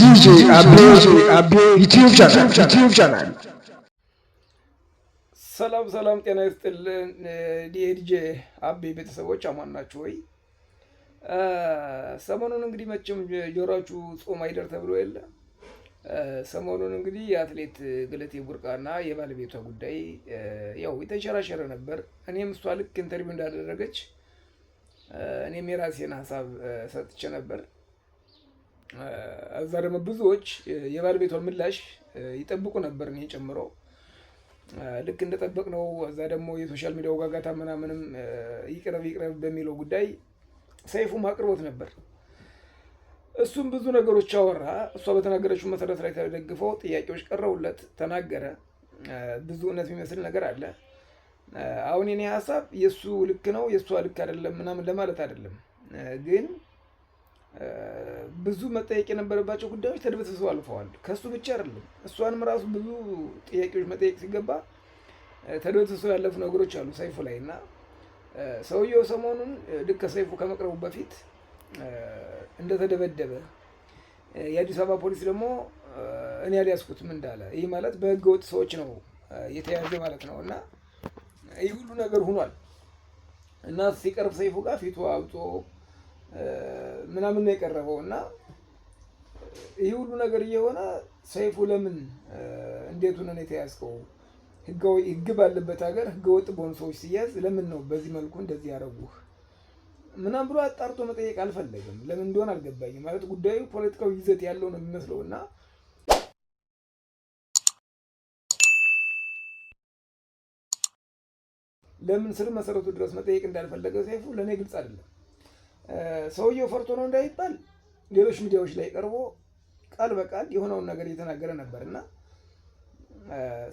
DJ Abbey ሰላም ሰላም፣ ጤና ይስጥልን የዲጄ አቤ ቤተሰቦች አማን ናችሁ ወይ? ሰሞኑን እንግዲህ መቼም ጆሯችሁ ጾም አይደር ተብሎ የለ። ሰሞኑን እንግዲህ የአትሌት ገለቴ ቡርቃና የባለቤቷ ጉዳይ ያው የተንሸራሸረ ነበር። እኔም እሷ ልክ ኢንተርቪው እንዳደረገች እኔም የራሴን ሀሳብ ሰጥቼ ነበር። እዛ ደግሞ ብዙዎች የባለቤቷን ምላሽ ይጠብቁ ነበር፣ እኔን ጨምሮ ልክ እንደጠበቅ ነው። እዛ ደግሞ የሶሻል ሚዲያ ወጋጋታ ምናምንም ይቅረብ ይቅረብ በሚለው ጉዳይ ሰይፉም አቅርቦት ነበር። እሱም ብዙ ነገሮች አወራ። እሷ በተናገረችው መሰረት ላይ ተደግፈው ጥያቄዎች ቀረቡለት፣ ተናገረ። ብዙ እውነት የሚመስል ነገር አለ። አሁን የኔ ሀሳብ የእሱ ልክ ነው የእሷ ልክ አይደለም ምናምን ለማለት አይደለም ግን ብዙ መጠየቅ የነበረባቸው ጉዳዮች ተድበስብሰው አልፈዋል። ከእሱ ብቻ አይደለም እሷንም ራሱ ብዙ ጥያቄዎች መጠየቅ ሲገባ ተድበስብሰው ያለፉ ነገሮች አሉ ሰይፉ ላይ እና ሰውየው ሰሞኑን ልክ ከሰይፉ ከመቅረቡ በፊት እንደተደበደበ የአዲስ አበባ ፖሊስ ደግሞ እኔ አልያዝኩትም እንዳለ ይህ ማለት በህገ ወጥ ሰዎች ነው የተያዘ ማለት ነው እና ይህ ሁሉ ነገር ሁኗል እና ሲቀርብ ሰይፉ ጋር ፊቱ አብጦ ምናምን ነው የቀረበው እና ይህ ሁሉ ነገር እየሆነ ሰይፉ ለምን እንዴት ሆነን የተያዝከው? ህጋዊ ህግ ባለበት ሀገር ህገወጥ በሆኑ ሰዎች ሲያዝ ለምን ነው በዚህ መልኩ እንደዚህ ያደረጉህ? ምናም ብሎ አጣርቶ መጠየቅ አልፈለግም። ለምን እንደሆነ አልገባኝም። ማለት ጉዳዩ ፖለቲካዊ ይዘት ያለው ነው የሚመስለው እና ለምን ስር መሰረቱ ድረስ መጠየቅ እንዳልፈለገ ሰይፉ ለእኔ ግልጽ አይደለም። ሰውየው ፈርቶ ነው እንዳይባል ሌሎች ሚዲያዎች ላይ ቀርቦ ቃል በቃል የሆነውን ነገር እየተናገረ ነበር እና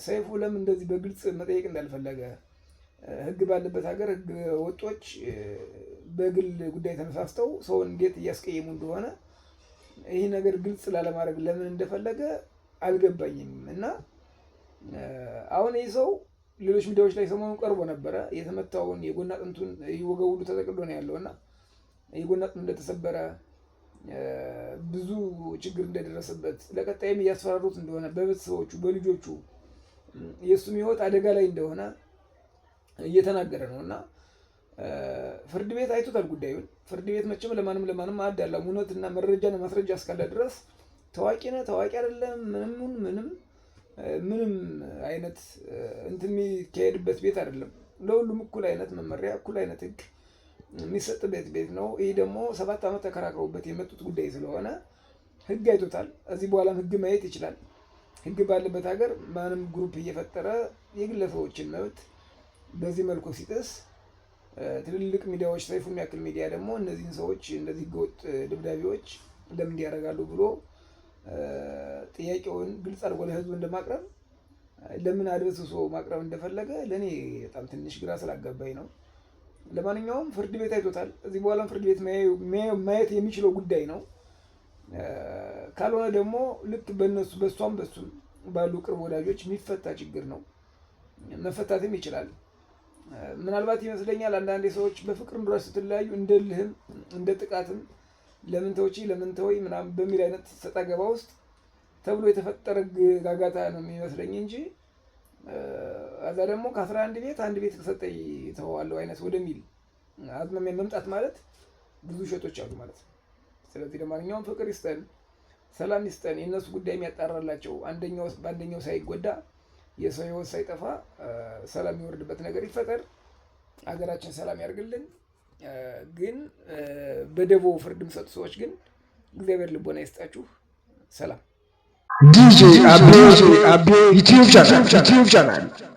ሰይፉ ለምን እንደዚህ በግልጽ መጠየቅ እንዳልፈለገ ህግ ባለበት ሀገር ህግ ወጦች በግል ጉዳይ ተነሳስተው ሰውን እንዴት እያስቀየሙ እንደሆነ ይህ ነገር ግልጽ ላለማድረግ ለምን እንደፈለገ አልገባኝም። እና አሁን ይህ ሰው ሌሎች ሚዲያዎች ላይ ሰሞኑን ቀርቦ ነበረ። የተመታውን የጎን አጥንቱን እየወገውሉ ተጠቅሎ ነው ያለው እና የጎን እንደተሰበረ ብዙ ችግር እንደደረሰበት ለቀጣይም እያስፈራሩት እንደሆነ በቤተሰቦቹ በልጆቹ የእሱም ይወት አደጋ ላይ እንደሆነ እየተናገረ ነው እና ፍርድ ቤት አይቶታል ጉዳዩን። ፍርድ ቤት መቼም ለማንም ለማንም አዳላም እውነትና መረጃና ማስረጃ እስካለ ድረስ ታዋቂ ነህ ታዋቂ አይደለም ምንም ምንም ምንም አይነት እንትን የሚካሄድበት ቤት አይደለም። ለሁሉም እኩል አይነት መመሪያ፣ እኩል አይነት ህግ የሚሰጥ ቤት ቤት ነው። ይህ ደግሞ ሰባት ዓመት ተከራክረውበት የመጡት ጉዳይ ስለሆነ ህግ አይቶታል። እዚህ በኋላም ህግ ማየት ይችላል። ህግ ባለበት ሀገር ማንም ግሩፕ እየፈጠረ የግለሰቦችን መብት በዚህ መልኩ ሲጥስ ትልልቅ ሚዲያዎች ሰይፉን ያክል ሚዲያ ደግሞ እነዚህን ሰዎች እነዚህ ህገወጥ ደብዳቤዎች ለምን እንዲያደርጋሉ ብሎ ጥያቄውን ግልጽ አድርጎ ለህዝቡ እንደማቅረብ ለምን አድበስብሶ ማቅረብ እንደፈለገ ለእኔ በጣም ትንሽ ግራ ስላጋባኝ ነው። ለማንኛውም ፍርድ ቤት አይቶታል። እዚህ በኋላም ፍርድ ቤት ማየት የሚችለው ጉዳይ ነው። ካልሆነ ደግሞ ልክ በነሱ በእሷም በሱም ባሉ ቅርብ ወዳጆች የሚፈታ ችግር ነው። መፈታትም ይችላል። ምናልባት ይመስለኛል አንዳንዴ ሰዎች በፍቅር እንዱራ ስትለያዩ እንደ ልህም እንደ ጥቃትም ለምን ተወጪ ለምን ተወይ ምናምን በሚል አይነት ሰጣ ገባ ውስጥ ተብሎ የተፈጠረ ጋጋታ ነው የሚመስለኝ እንጂ እዛ ደግሞ ከአስራ አንድ ቤት አንድ ቤት ከሰጠኝ ተዋለው አይነት ወደሚል አዝማሚያ መምጣት ማለት ብዙ እሸቶች አሉ ማለት ነው። ስለዚህ ለማንኛውም ፍቅር ይስጠን፣ ሰላም ይስጠን። የእነሱ ጉዳይ የሚያጣራላቸው አንደኛው በአንደኛው ሳይጎዳ የሰው ህይወት ሳይጠፋ ሰላም የሚወርድበት ነገር ይፈጠር። ሀገራችን ሰላም ያርግልን። ግን በደቦ ፍርድ የሚሰጡ ሰዎች ግን እግዚአብሔር ልቦና ይስጣችሁ። ሰላም DJ Abdul Ethiopia Ethiopia